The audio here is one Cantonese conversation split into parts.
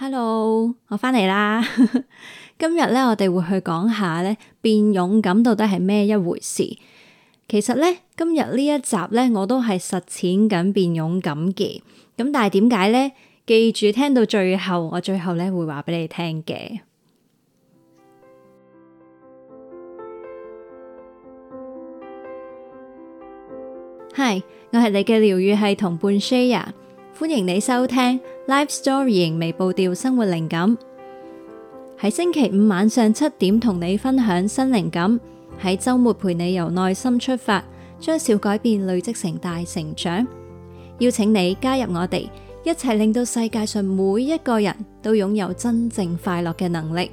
Hello，我翻嚟啦。 今日咧，我哋會去講下咧，變勇敢到底係咩一回事？其實咧，今日呢一集咧，我都係實踐緊變勇敢嘅。咁但係點解咧？記住聽到最後，我最後咧會話俾你聽嘅。Hi, 寥寥係，我係你嘅療癒係同伴 Shaya，歡迎你收聽。Life Storying 仍未步調生活靈感，喺星期五晚上七點同你分享新靈感，喺周末陪你由內心出發，將小改變累積成大成長。邀請你加入我哋，一齊令到世界上每一個人都擁有真正快樂嘅能力。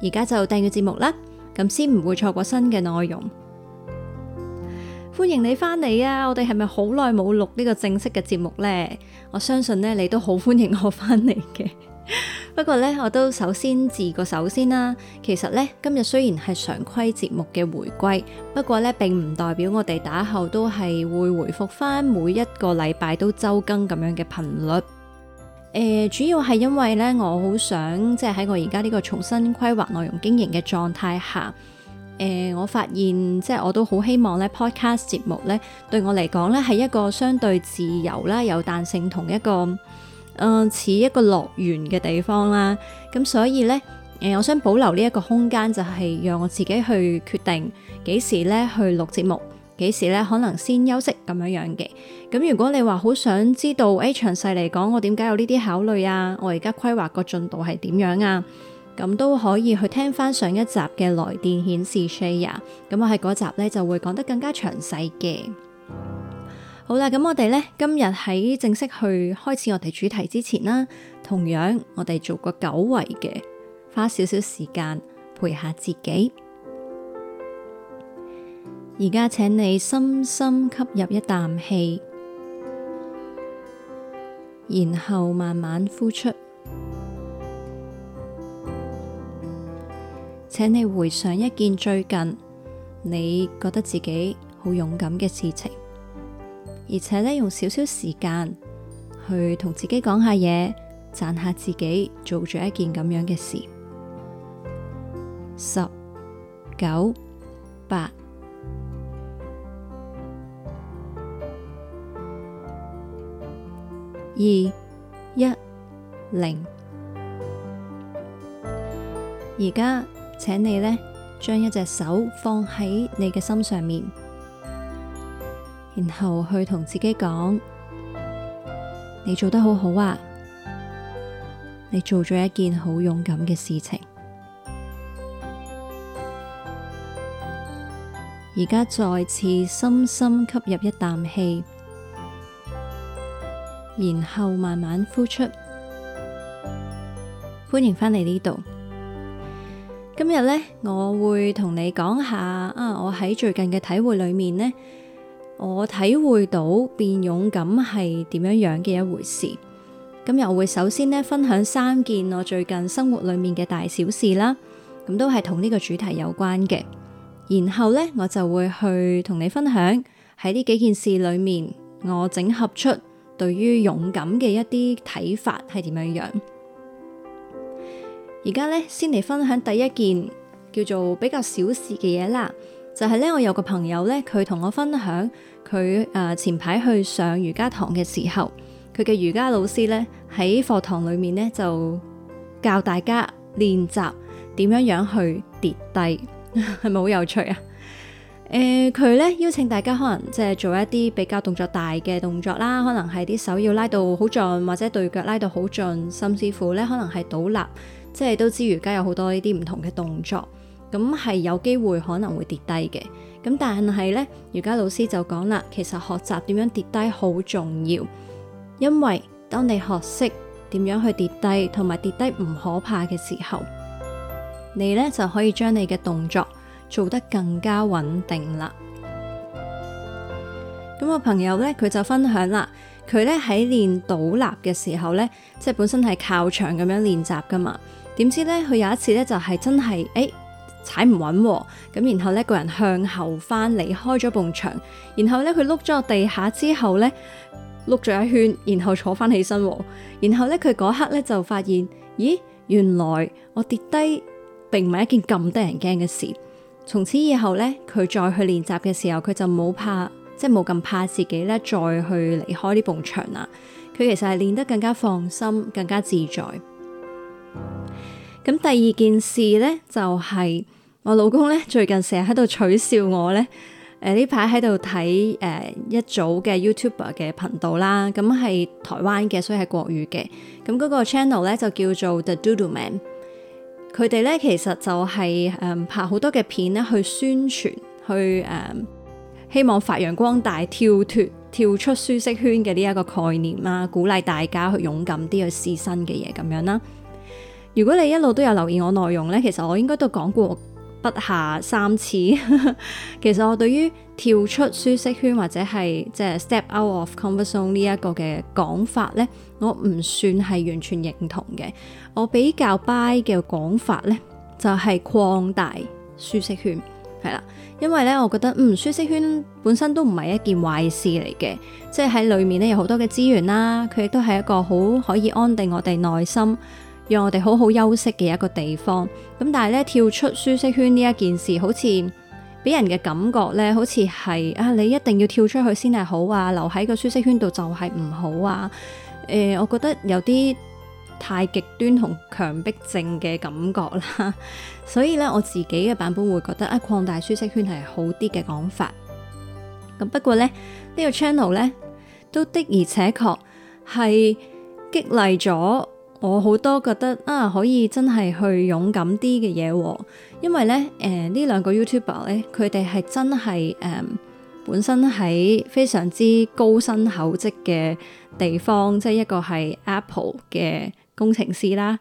而家就訂閱節目啦，咁先唔會錯過新嘅內容。歡迎你返嚟啊！我哋係咪好耐冇錄呢個正式嘅節目呢？我相信呢，你都好歡迎我返嚟嘅。不過呢，我都首先自個首先啦、啊。其實呢，今日雖然係常規節目嘅回歸，不過呢，並唔代表我哋打後都係會回復翻每一個禮拜都周更咁樣嘅頻率。誒、呃，主要係因為呢，我好想即係喺我而家呢個重新規劃內容經營嘅狀態下。誒、欸，我發現即係我都好希望咧 Podcast 節目咧對我嚟講咧係一個相對自由啦，有彈性同一個誒、呃、似一個樂園嘅地方啦。咁、嗯、所以咧誒、欸，我想保留呢一個空間，就係讓我自己去決定幾時咧去錄節目，幾時咧可能先休息咁樣樣嘅。咁、嗯、如果你話好想知道誒詳細嚟講，我點解有呢啲考慮啊？我而家規劃個進度係點樣啊？咁都可以去聽翻上一集嘅來電顯示 share，咁我喺嗰集呢就會講得更加詳細嘅。好啦，咁我哋呢，今日喺正式去開始我哋主題之前啦，同樣我哋做個久違嘅，花少少時間陪下自己。而家請你深深吸入一啖氣，然後慢慢呼出。請你回想一件最近你覺得自己好勇敢嘅事情，而且呢，用少少時間去同自己講下嘢，讚下自己做咗一件咁樣嘅事。十、九、八、二、一、零，而家。請你呢將一隻手放喺你嘅心上面，然後去同自己講：你做得好好啊！你做咗一件好勇敢嘅事情。而家再次深深吸入一啖氣，然後慢慢呼出。歡迎返嚟，呢度。今日咧，我會同你講下啊，我喺最近嘅體會裏面呢，我體會到變勇敢係點樣樣嘅一回事。今日我會首先咧，分享三件我最近生活裏面嘅大小事啦，咁都係同呢個主題有關嘅。然後咧，我就會去同你分享喺呢幾件事裏面，我整合出對於勇敢嘅一啲睇法係點樣樣。而家咧先嚟分享第一件叫做比較小事嘅嘢啦，就係、是、咧我有個朋友咧，佢同我分享佢誒、呃、前排去上瑜伽堂嘅時候，佢嘅瑜伽老師咧喺課堂裏面咧就教大家練習點樣樣去跌低，係咪好有趣啊？誒、呃，佢咧邀請大家可能即係做一啲比較動作大嘅動作啦，可能係啲手要拉到好盡，或者對腳拉到好盡，甚至乎咧可能係倒立。即係都知，瑜伽有好多呢啲唔同嘅動作，咁係有機會可能會跌低嘅。咁但係呢，瑜伽老師就講啦，其實學習點樣跌低好重要，因為當你學識點樣去跌低，同埋跌低唔可怕嘅時候，你呢就可以將你嘅動作做得更加穩定啦。咁我朋友呢，佢就分享啦，佢呢喺練倒立嘅時候呢，即係本身係靠牆咁樣練習㗎嘛。點知咧，佢有一次咧就係真係誒踩唔穩，咁、欸哦、然後咧個人向後翻離開咗埲牆，然後咧佢碌咗個地下之後咧碌咗一圈，然後坐翻起身、哦，然後咧佢嗰刻咧就發現咦，原來我跌低並唔係一件咁得人驚嘅事，從此以後咧佢再去練習嘅時候，佢就冇怕即係冇咁怕自己咧再去離開呢埲牆啦，佢其實係練得更加放心，更加自在。咁第二件事呢、就是，就係我老公呢，最近成日喺度取笑我呢。誒呢排喺度睇誒一組嘅 YouTuber 嘅頻道啦，咁係台灣嘅，所以係國語嘅。咁、那、嗰個 channel 呢，就叫做 The Doodle Man。佢哋呢，其實就係誒拍好多嘅片呢去宣傳，去誒希望發揚光大、跳脫、跳出舒適圈嘅呢一個概念啦，鼓勵大家去勇敢啲去試新嘅嘢咁樣啦。如果你一路都有留意我內容呢，其實我應該都講過不下三次。 其實我對於跳出舒適圈或者係即係 step out of comfort zone 呢一個嘅講法呢，我唔算係完全認同嘅。我比較 buy 嘅講法呢，就係擴大舒適圈，係啦。因為呢，我覺得嗯舒適圈本身都唔係一件壞事嚟嘅，即係喺裡面呢，有好多嘅資源啦，佢亦都係一個好可以安定我哋內心。讓我哋好好休息嘅一個地方，咁但係咧，跳出舒適圈呢一件事，好似俾人嘅感覺咧，好似係啊，你一定要跳出去先係好啊，留喺個舒適圈度就係唔好啊。誒、呃，我覺得有啲太極端同強迫症嘅感覺啦。 所以咧，我自己嘅版本會覺得啊，擴大舒適圈係好啲嘅講法。咁不過咧，呢個、頻道呢個 channel 咧都的而且確係激勵咗我好多覺得啊，可以真係去勇敢啲嘅嘢喎，因為咧誒呢兩、呃、個 YouTuber 咧，佢哋係真係誒、呃、本身喺非常之高薪厚職嘅地方，即係一個係 Apple 嘅工程師啦，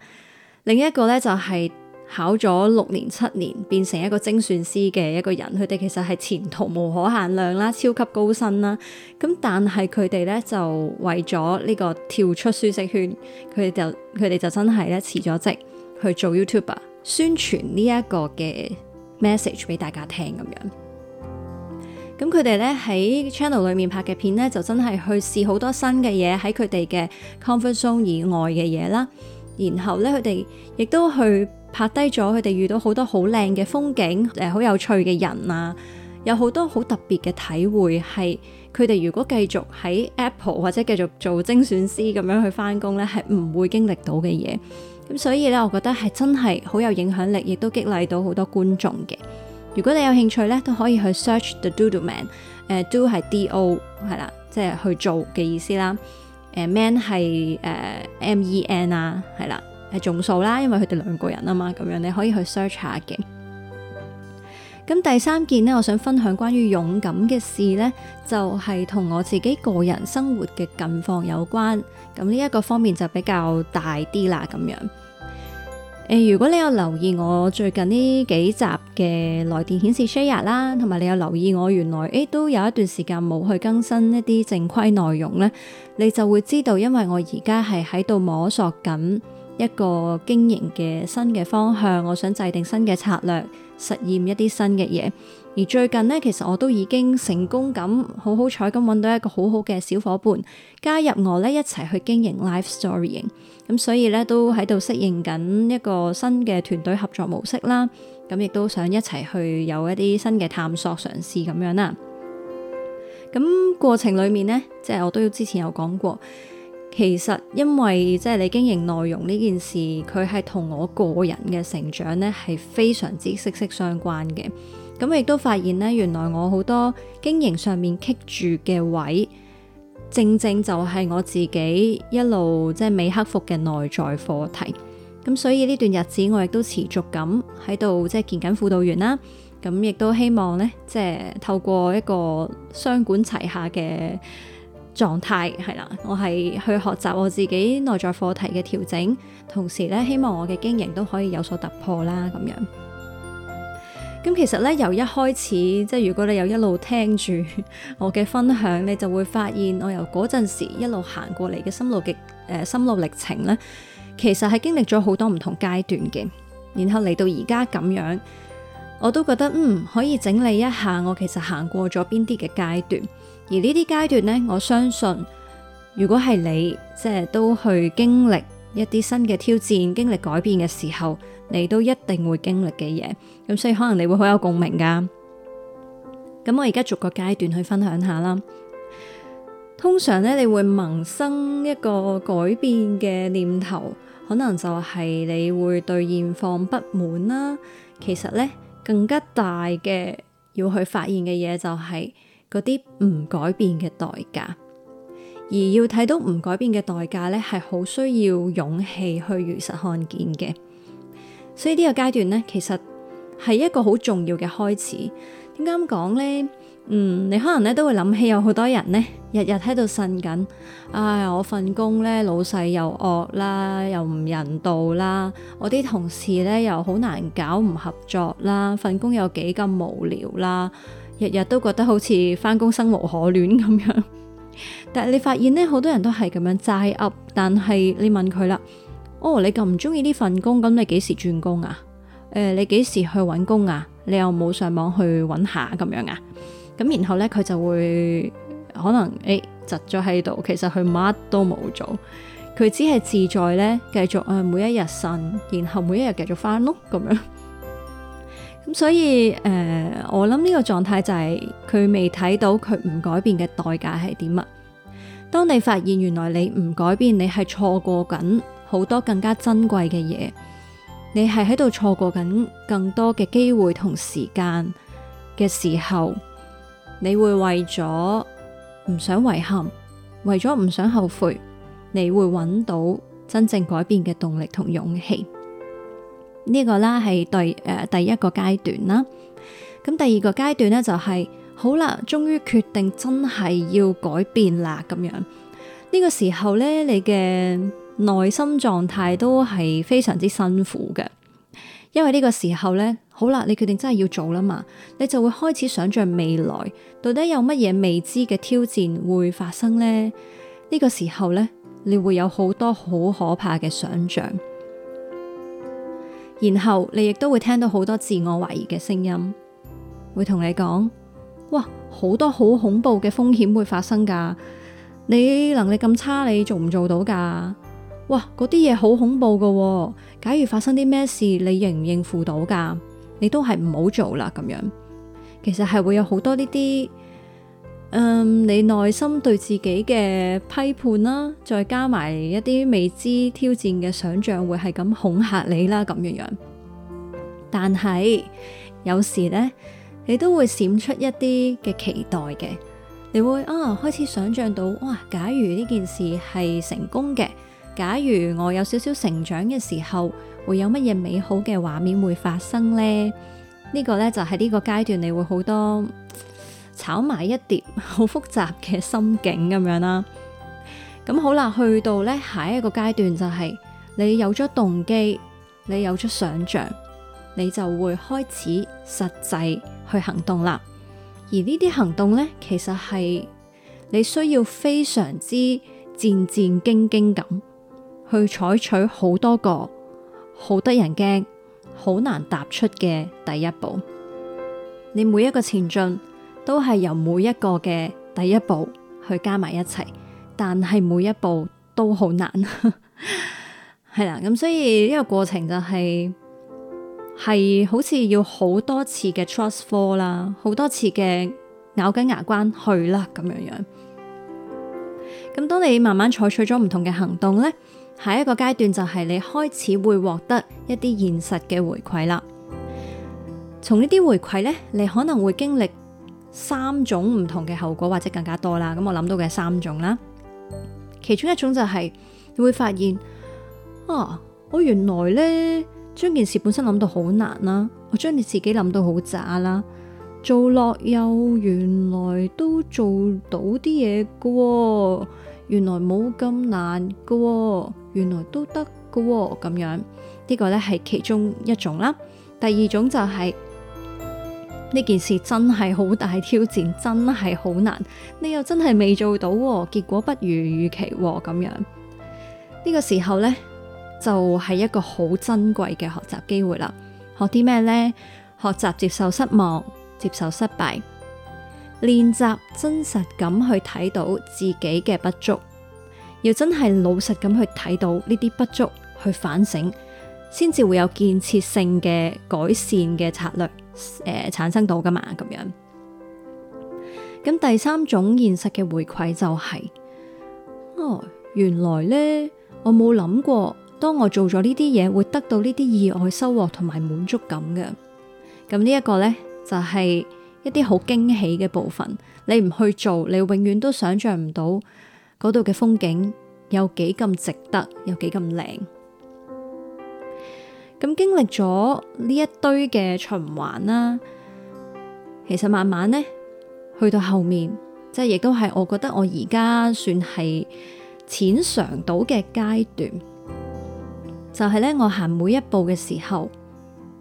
另一個咧就係、是。考咗六年七年，變成一個精算師嘅一個人，佢哋其實係前途無可限量啦，超級高薪啦。咁但係佢哋咧就為咗呢個跳出舒適圈，佢哋就佢哋就真係咧辭咗職去做 YouTuber，宣傳呢一個嘅 message 俾大家聽咁樣。咁佢哋咧喺 channel 裡面拍嘅片咧，就真係去試好多新嘅嘢喺佢哋嘅 comfort zone 以外嘅嘢啦。然後咧佢哋亦都去，拍低咗佢哋遇到好多好靚嘅風景，誒、呃，好有趣嘅人啊，有好多好特別嘅體會，係佢哋如果繼續喺 Apple 或者繼續做精選師咁樣去返工咧，係唔會經歷到嘅嘢。咁所以咧，我覺得係真係好有影響力，亦都激勵到好多觀眾嘅。如果你有興趣咧，都可以去 search the Doodle do Man，d、呃、do o 係 D O 係啦，即係去做嘅意思啦、呃 man is, 呃、，m a n 係誒 M E N 啊，係啦。係眾數啦，因為佢哋兩個人啊嘛，咁樣你可以去 search 下嘅。咁第三件呢，我想分享關於勇敢嘅事呢，就係、是、同我自己個人生活嘅近況有關。咁呢一個方面就比較大啲啦，咁樣誒、呃。如果你有留意我最近呢幾集嘅來電顯示 share 啦，同埋你有留意我原來誒、欸、都有一段時間冇去更新一啲正規內容呢，你就會知道，因為我而家係喺度摸索緊。一個經營嘅新嘅方向，我想制定新嘅策略，實現一啲新嘅嘢。而最近呢，其實我都已經成功咁，好好彩咁搵到一個好好嘅小伙伴加入我呢，一齊去經營 Life Storying。咁所以呢，都喺度適應緊一個新嘅團隊合作模式啦。咁亦都想一齊去有一啲新嘅探索嘗試咁樣啦。咁過程裡面呢，即係我都之前有講過。其實因為即係、就是、你經營內容呢件事，佢係同我個人嘅成長呢係非常之息息相關嘅。咁亦都發現呢，原來我好多經營上面棘住嘅位，正正就係我自己一路即係未克服嘅內在課題。咁所以呢段日子我亦都持續咁喺度即係見緊輔導員啦。咁亦都希望呢，即、就、係、是、透過一個雙管齊下嘅。狀態係啦，我係去學習我自己內在課題嘅調整，同時咧希望我嘅經營都可以有所突破啦。咁樣，咁其實咧，由一開始，即係如果你有一路聽住我嘅分享，你就會發現我由嗰陣時一路行過嚟嘅心路極誒、呃、心路歷程咧，其實係經歷咗好多唔同階段嘅，然後嚟到而家咁樣，我都覺得嗯可以整理一下我其實行過咗邊啲嘅階段。而呢啲階段呢，我相信如果係你即係都去經歷一啲新嘅挑戰、經歷改變嘅時候，你都一定會經歷嘅嘢。咁所以可能你會好有共鳴㗎。咁我而家逐個階段去分享下啦。通常呢，你會萌生一個改變嘅念頭，可能就係你會對現況不滿啦。其實呢，更加大嘅要去發現嘅嘢就係，嗰啲唔改變嘅代價，而要睇到唔改變嘅代價咧，係好需要勇氣去如實看見嘅。所以呢個階段咧，其實係一個好重要嘅開始。點解咁講呢？嗯，你可能咧都會諗起有好多人呢，日日喺度呻緊，唉、哎，我份工咧老細又惡啦，又唔人道啦，我啲同事咧又好難搞，唔合作啦，份工又幾咁無聊啦。日日都覺得好似返工生無可戀咁樣，但係你發現咧，好多人都係咁樣齋噏。但係你問佢啦，哦，你咁唔中意呢份工，咁你幾時轉工啊？誒、呃，你幾時去揾工啊？你又冇上網去揾下咁樣啊？咁然後咧，佢就會可能誒窒咗喺度，其實佢乜都冇做，佢只係自在咧繼續啊、呃、每一日瞓，然後每一日繼續返咯咁樣。 咁所以誒、呃，我諗呢個狀態就係佢未睇到佢唔改變嘅代價係點乜？當你發現原來你唔改變，你係錯過緊好多更加珍貴嘅嘢，你係喺度錯過緊更多嘅機會同時間嘅時候，你會為咗唔想遺憾，為咗唔想後悔，你會搵到真正改變嘅動力同勇氣。呢個啦係對誒第一個階段啦，咁第二個階段咧就係、是、好啦，終於決定真係要改變啦咁樣。呢、這個時候咧，你嘅內心狀態都係非常之辛苦嘅，因為呢個時候咧，好啦，你決定真係要做啦嘛，你就會開始想象未來到底有乜嘢未知嘅挑戰會發生呢。呢、這個時候咧，你會有好多好可怕嘅想象。然後你亦都會聽到好多自我懷疑嘅聲音，會同你講：哇，好多好恐怖嘅風險會發生噶，你能力咁差，你做唔做到噶？哇，嗰啲嘢好恐怖噶喎，假如發生啲咩事，你應唔應付到噶？你都係唔好做啦，咁樣，其實係會有好多呢啲。嗯，um, 你內心對自己嘅批判啦，再加埋一啲未知挑戰嘅想象，會係咁恐吓你啦，咁樣樣。但係有時呢，你都會閃出一啲嘅期待嘅，你會啊，開始想象到哇，假如呢件事係成功嘅，假如我有少少成長嘅時候，會有乜嘢美好嘅畫面會發生呢？呢個呢，就係呢個階段你會好多。炒埋一碟好複雜嘅心境咁樣啦。咁好啦，去到呢下一個階段就係你有咗動機，你有咗想象，你就會開始實際去行動啦。而呢啲行動呢，其實係你需要非常之戰戰兢兢咁去採取好多個好得人驚、好難踏出嘅第一步。你每一個前進。都係由每一個嘅第一步去加埋一齊，但係每一步都好難，係 啦。咁所以呢個過程就係、係、係好似要好多次嘅 trust fall 啦，好多次嘅咬緊牙關去啦，咁樣樣。咁當你慢慢採取咗唔同嘅行動呢，下一個階段就係你開始會獲得一啲現實嘅回饋啦。從呢啲回饋呢，你可能會經歷。三種唔同嘅後果，或者更加多啦。咁我諗到嘅三種啦，其中一種就係你會發現，哦，我原來呢，將件事本身諗到好難啦，我將你自己諗到好渣啦，做落又原來都做到啲嘢㗎喎，原來冇咁難㗎喎，原來都得㗎喎，咁樣呢個呢係其中一種啦。第二種就係。呢件事真係好大挑戰，真係好難。你又真係未做到，結果不如預期咁、啊、樣。呢、呢個時候呢，就係、是、一個好珍貴嘅學習機會啦。學啲咩呢？學習接受失望，接受失敗，練習真實咁去睇到自己嘅不足。要真係老實咁去睇到呢啲不足，去反省，先至會有建設性嘅改善嘅策略。誒、呃，產生到噶嘛？咁樣，咁第三種現實嘅回饋就係、是，哦，原來呢，我冇諗過，當我做咗呢啲嘢，會得到呢啲意外收穫同埋滿足感嘅。咁呢一個呢，就係、是、一啲好驚喜嘅部分。你唔去做，你永遠都想象唔到嗰度嘅風景有幾咁值得，有幾咁靚。咁經歷咗呢一堆嘅循環啦，其實慢慢咧去到後面，即係亦都係我覺得我而家算係淺嘗到嘅階段，就係、是、咧我行每一步嘅時候，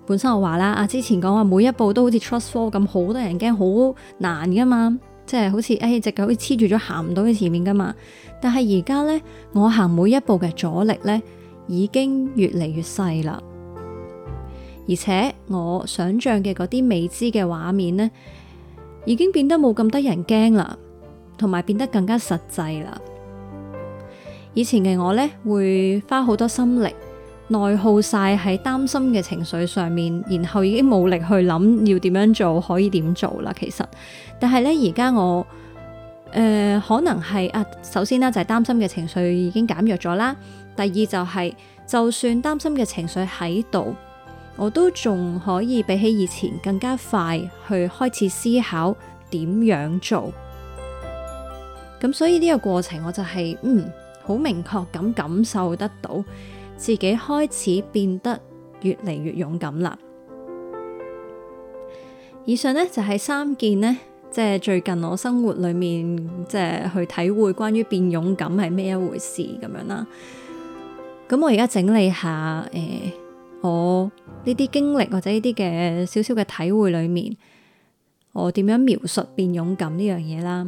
本身我話啦，啊之前講話每一步都好似 trust fall 咁，好多人驚好難噶嘛，即係好似誒、哎、隻腳好似黐住咗行唔到去前面噶嘛。但係而家咧，我行每一步嘅阻力咧已經越嚟越細啦。而且我想象嘅嗰啲未知嘅畫面呢，已經變得冇咁得人驚啦，同埋變得更加實際啦。以前嘅我呢，會花好多心力，內耗晒喺擔心嘅情緒上面，然後已經冇力去諗要點樣做，可以點做啦。其實，但係呢，而家我誒、呃，可能係啊，首先呢、啊，就係、是、擔心嘅情緒已經減弱咗啦。第二就係、是、就算擔心嘅情緒喺度。我都仲可以比起以前更加快去開始思考點樣做，咁所以呢個過程我就係、是、嗯好明確咁感受得到自己開始變得越嚟越勇敢啦。以上呢就係、是、三件呢，即、就、係、是、最近我生活裏面即係、就是、去體會關於變勇敢係咩一回事咁樣啦。咁我而家整理下誒。欸我呢啲經歷或者呢啲嘅少少嘅體會裏面，我點樣描述變勇敢呢樣嘢啦？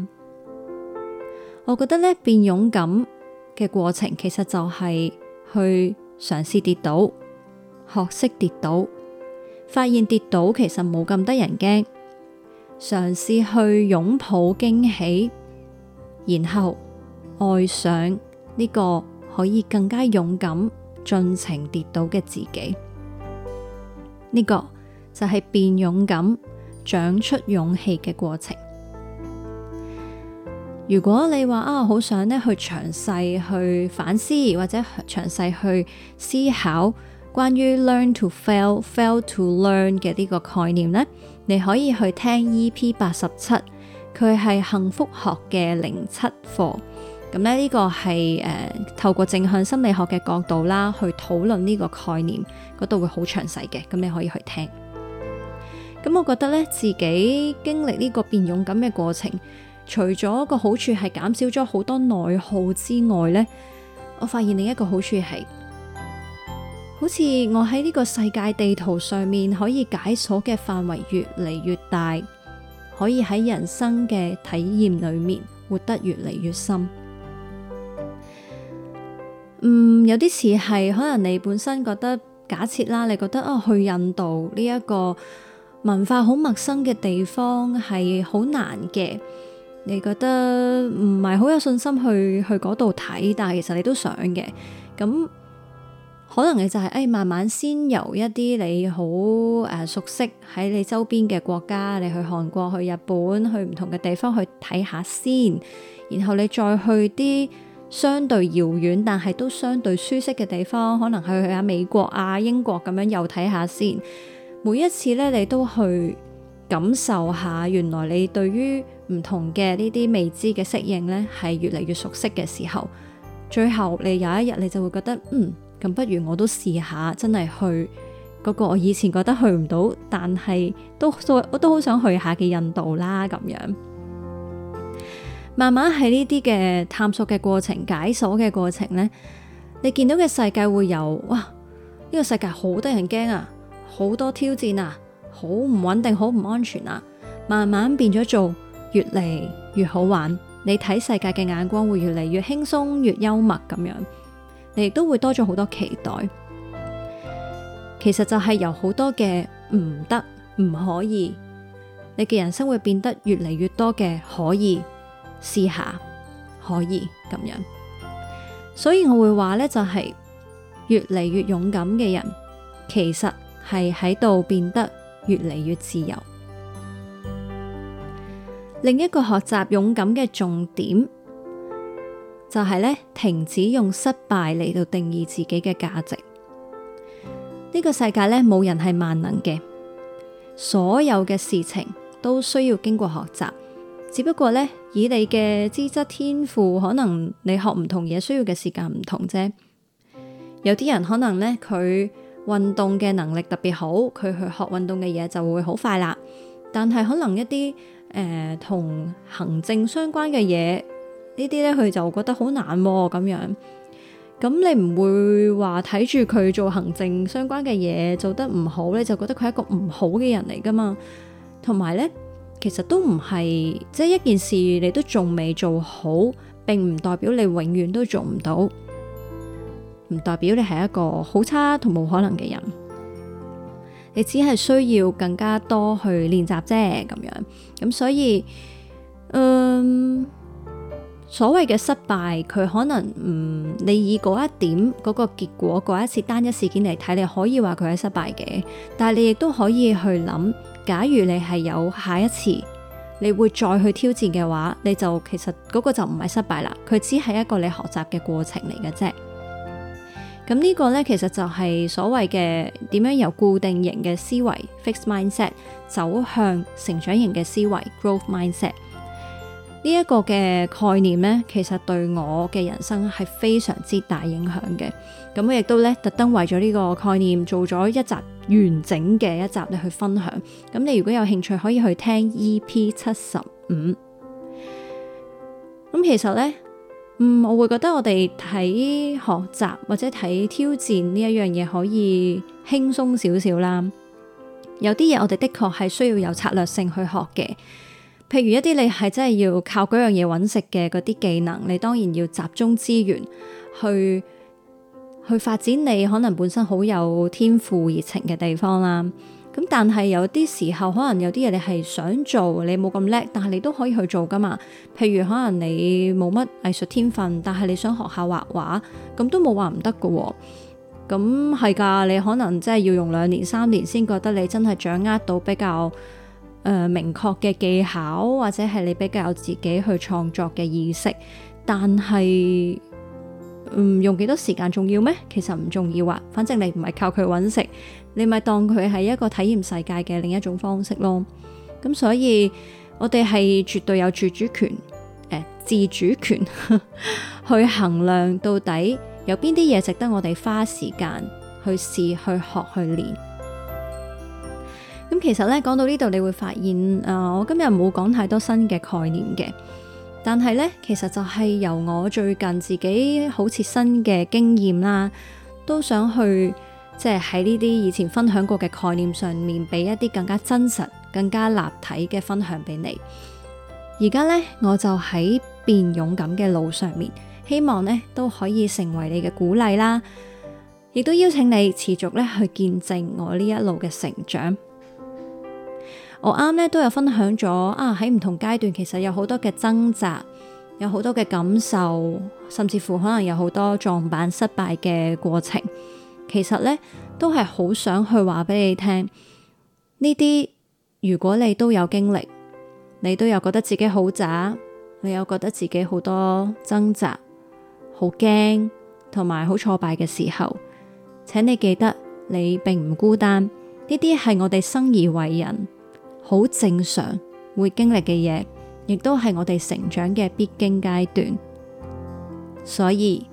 我覺得咧變勇敢嘅過程其實就係去嘗試跌倒，學識跌倒，發現跌倒其實冇咁得人驚，嘗試去擁抱驚喜，然後愛上呢個可以更加勇敢、盡情跌倒嘅自己。呢個就係變勇敢，長出勇氣嘅過程。如果你話啊好想咧去詳細去反思，或者詳細去思考關於 learn to fail, fail to learn 嘅呢個概念呢，你可以去聽 EP 八十七，佢係幸福學嘅零七課。咁呢，呢個係誒、呃、透過正向心理學嘅角度啦，去討論呢個概念，嗰度會好詳細嘅。咁你可以去聽。咁我覺得咧，自己經歷呢個變勇敢嘅過程，除咗個好處係減少咗好多內耗之外咧，我發現另一個好處係好似我喺呢個世界地圖上面可以解鎖嘅範圍越嚟越大，可以喺人生嘅體驗裏面活得越嚟越深。嗯，有啲似係可能你本身覺得，假設啦，你覺得啊去印度呢一個文化好陌生嘅地方係好難嘅，你覺得唔係好有信心去去嗰度睇，但係其實你都想嘅，咁可能你就係、是、誒、哎、慢慢先由一啲你好誒熟悉喺你周邊嘅國家，你去韓國、去日本、去唔同嘅地方去睇下先，然後你再去啲。相對遙遠但係都相對舒適嘅地方，可能去下美國啊、英國咁樣又睇下先。每一次咧，你都去感受下原來你對於唔同嘅呢啲未知嘅適應咧，係越嚟越熟悉嘅時候，最後你有一日你就會覺得，嗯，咁不如我都試下真，真係去嗰個我以前覺得去唔到，但係都都我都好想去下嘅印度啦，咁樣。慢慢喺呢啲嘅探索嘅過程、解鎖嘅過程呢，你見到嘅世界會由「哇，呢個世界好得人驚啊，好多挑戰啊，好唔穩定，好唔安全啊，慢慢變咗做越嚟越好玩，你睇世界嘅眼光會越嚟越輕鬆、越幽默咁樣，你亦都會多咗好多期待。其實就係由好多嘅唔得、唔可以，你嘅人生會變得越嚟越多嘅可以。試下可以咁樣，所以我會話呢，就係越嚟越勇敢嘅人，其實係喺度變得越嚟越自由。另一個學習勇敢嘅重點，就係呢：停止用失敗嚟到定義自己嘅價值。呢個世界呢，冇人係萬能嘅，所有嘅事情都需要經過學習。只不過咧，以你嘅資質天賦，可能你學唔同嘢需要嘅時間唔同啫。有啲人可能咧，佢運動嘅能力特別好，佢去學運動嘅嘢就會好快啦。但係可能一啲誒同行政相關嘅嘢，呢啲咧佢就覺得好難咁樣。咁你唔會話睇住佢做行政相關嘅嘢做得唔好咧，你就覺得佢係一個唔好嘅人嚟噶嘛？同埋咧。其實都唔係，即係一件事你都仲未做好，並唔代表你永遠都做唔到，唔代表你係一個好差同冇可能嘅人。你只係需要更加多去練習啫，咁樣。咁所以，嗯，所謂嘅失敗，佢可能唔、嗯，你以嗰一點嗰個結果嗰一次單一事件嚟睇，你可以話佢係失敗嘅，但係你亦都可以去諗。假如你係有下一次，你會再去挑戰嘅話，你就其實嗰個就唔係失敗啦，佢只係一個你學習嘅過程嚟嘅啫。咁呢個呢，其實就係所謂嘅點樣由固定型嘅思維 （fixed mindset） 走向成長型嘅思維 （growth mindset）。呢一個嘅概念呢，其實對我嘅人生係非常之大影響嘅。咁我亦都咧特登為咗呢個概念做咗一集完整嘅一集咧去分享。咁你如果有興趣，可以去聽 EP75。咁其實呢，嗯，我會覺得我哋睇學習或者睇挑戰呢一樣嘢可以輕鬆少少啦。有啲嘢我哋的確係需要有策略性去學嘅。譬如一啲你係真係要靠嗰樣嘢搵食嘅嗰啲技能，你當然要集中資源去去發展你可能本身好有天賦熱情嘅地方啦。咁但係有啲時候，可能有啲嘢你係想做，你冇咁叻，但係你都可以去做㗎嘛。譬如可能你冇乜藝術天分，但係你想學下畫畫，咁都冇話唔得㗎喎。咁係㗎，你可能真係要用兩年三年先覺得你真係掌握到比較，誒、呃，明確嘅技巧或者係你比較有自己去創作嘅意識，但係，唔、嗯、用幾多時間重要咩？其實唔重要啊，反正你唔係靠佢搵食，你咪當佢係一個體驗世界嘅另一種方式咯。咁所以，我哋係絕對有自主權、欸，自主權 去衡量到底有邊啲嘢值得我哋花時間去試、去學、去練。咁其實咧，講到呢度，你會發現誒、呃，我今日冇講太多新嘅概念嘅，但係呢，其實就係由我最近自己好切身嘅經驗啦，都想去即係喺呢啲以前分享過嘅概念上面，俾一啲更加真實、更加立體嘅分享俾你。而家呢，我就喺變勇敢嘅路上面，希望呢都可以成為你嘅鼓勵啦，亦都邀請你持續咧，去見證我呢一路嘅成長。我啱咧都有分享咗啊，喺唔同階段其實有好多嘅掙扎，有好多嘅感受，甚至乎可能有好多撞板失敗嘅過程。其實呢，都係好想去話俾你聽呢啲。如果你都有經歷，你都有覺得自己好渣，你有覺得自己好多掙扎、好驚同埋好挫敗嘅時候，請你記得你並唔孤單。呢啲係我哋生而為人好正常會經歷嘅嘢，亦都係我哋成長嘅必經階段。所以，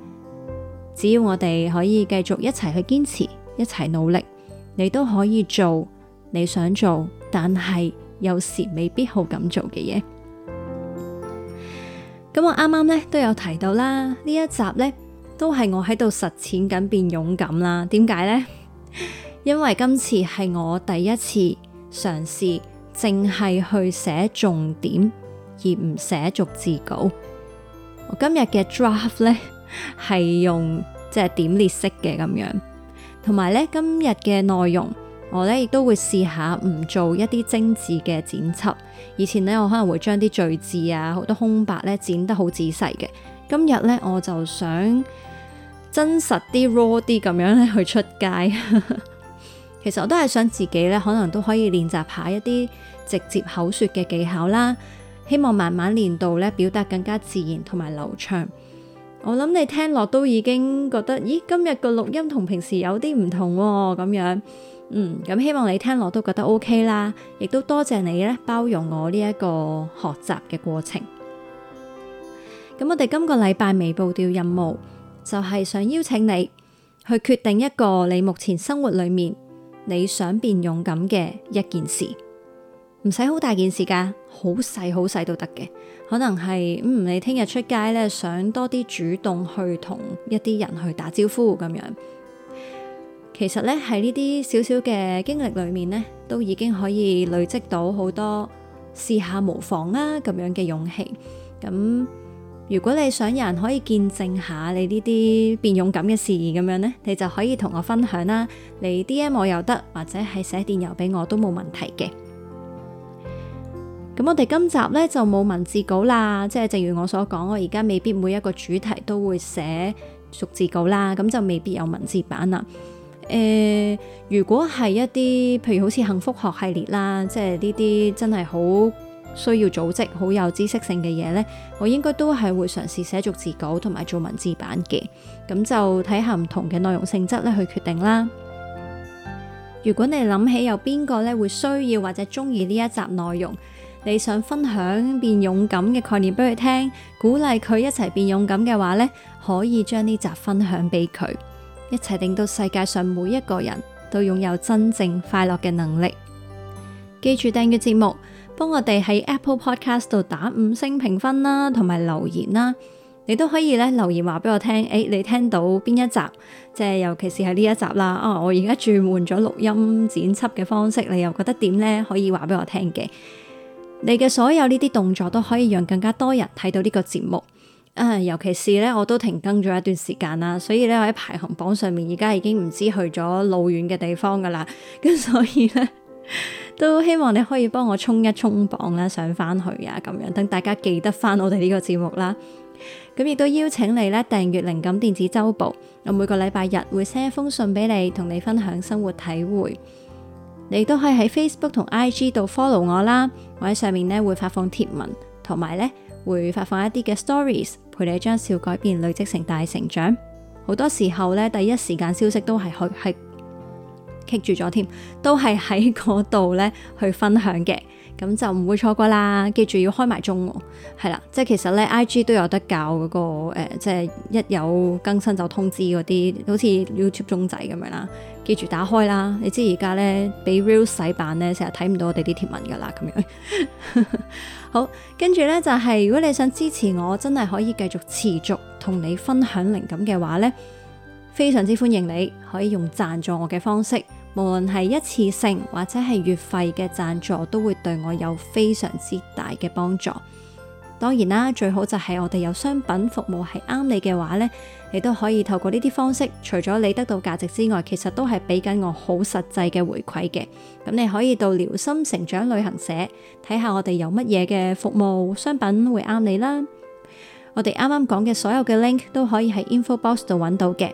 只要我哋可以繼續一齊去堅持，一齊努力，你都可以做你想做，但係有時未必好敢做嘅嘢。咁我啱啱咧都有提到啦，呢一集咧都係我喺度實踐緊變勇敢啦。點解呢？因為今次係我第一次嘗試。淨係去寫重點，而唔寫逐字稿。我今日嘅 draft 呢，係用即係、就是、點列式嘅咁樣，同埋呢，今日嘅內容，我呢亦都會試下唔做一啲精致嘅剪輯。以前呢，我可能會將啲序字啊好多空白呢剪得好仔細嘅，今日呢，我就想真實啲 raw 啲咁樣去出街。 其實我都係想自己咧，可能都可以練習下一啲直接口說嘅技巧啦。希望慢慢練到咧，表達更加自然同埋流暢。我諗你聽落都已經覺得咦，今日個錄音同平時有啲唔同咁樣。嗯，咁希望你聽落都覺得 OK 啦，亦都多謝你咧，包容我呢一個學習嘅過程。咁我哋今個禮拜微步調任務就係想邀請你去決定一個你目前生活裏面。你想變勇敢嘅一件事，唔使好大件事㗎，好細好細都得嘅。可能係嗯，你聽日出街咧，想多啲主動去同一啲人去打招呼咁樣。其實咧喺呢啲小小嘅經歷裏面呢，都已經可以累積到好多試下無妨啊咁樣嘅勇氣咁。如果你想有人可以見證下你呢啲變勇敢嘅事咁樣呢，你就可以同我分享啦，你 D M 我又得，或者係寫電郵俾我都冇問題嘅。咁我哋今集呢，就冇文字稿啦，即係正如我所講，我而家未必每一個主題都會寫逐字稿啦，咁就未必有文字版啦。誒、欸，如果係一啲，譬如好似幸福學系列啦，即係呢啲真係好。需要組織好有知識性嘅嘢，呢我應該都係會嘗試寫逐字稿同埋做文字版嘅。咁就睇下唔同嘅內容性質咧去決定啦。如果你諗起有邊個咧會需要或者中意呢一集內容，你想分享變勇敢嘅概念俾佢聽，鼓勵佢一齊變勇敢嘅話呢，可以將呢集分享俾佢，一齊令到世界上每一個人都擁有真正快樂嘅能力。記住訂閱節目。幫我哋喺 Apple Podcast 度打五星評分啦，同埋留言啦，你都可以咧留言話俾我聽。誒、欸，你聽到邊一集？即係尤其是係呢一集啦。啊、哦，我而家轉換咗錄音剪輯嘅方式，你又覺得點呢？可以話俾我聽嘅。你嘅所有呢啲動作都可以讓更加多人睇到呢個節目。啊、呃，尤其是咧，我都停更咗一段時間啦，所以咧我喺排行榜上面而家已經唔知去咗路遠嘅地方噶啦。咁所以咧。 都希望你可以幫我衝一衝榜啦，上返去啊，咁樣等大家記得翻我哋呢個節目啦。咁亦都邀請你呢，訂閱靈感電子週報，我每個禮拜日會 send 一封信俾你，同你分享生活體會。你都可以喺 Facebook 同 IG 度 follow 我啦，我喺上面呢會發放貼文，同埋呢會發放一啲嘅 stories，陪你將小改變累積成大成長。好多時候呢，第一時間消息都係去係。棘住咗添，都係喺嗰度咧去分享嘅，咁就唔會錯過啦。記住要開埋鐘、喔，係啦，即係其實咧，IG 都有得教嗰、那個誒、呃，即係一有更新就通知嗰啲，好似 YouTube 鐘仔咁樣啦。記住打開啦，你知而家咧俾 Real 洗版咧，成日睇唔到我哋啲貼文噶啦，咁樣。 好，跟住咧就係、是、如果你想支持我，我真係可以繼續持續同你分享靈感嘅話咧。非常之歡迎你，可以用贊助我嘅方式，無論係一次性或者係月費嘅贊助，都會對我有非常之大嘅幫助。當然啦，最好就係我哋有商品服務係啱你嘅話呢，你都可以透過呢啲方式，除咗你得到價值之外，其實都係俾緊我好實際嘅回饋嘅。咁你可以到療心成長旅行社睇下我哋有乜嘢嘅服務商品會啱你啦。我哋啱啱講嘅所有嘅 link 都可以喺 info box 度揾到嘅。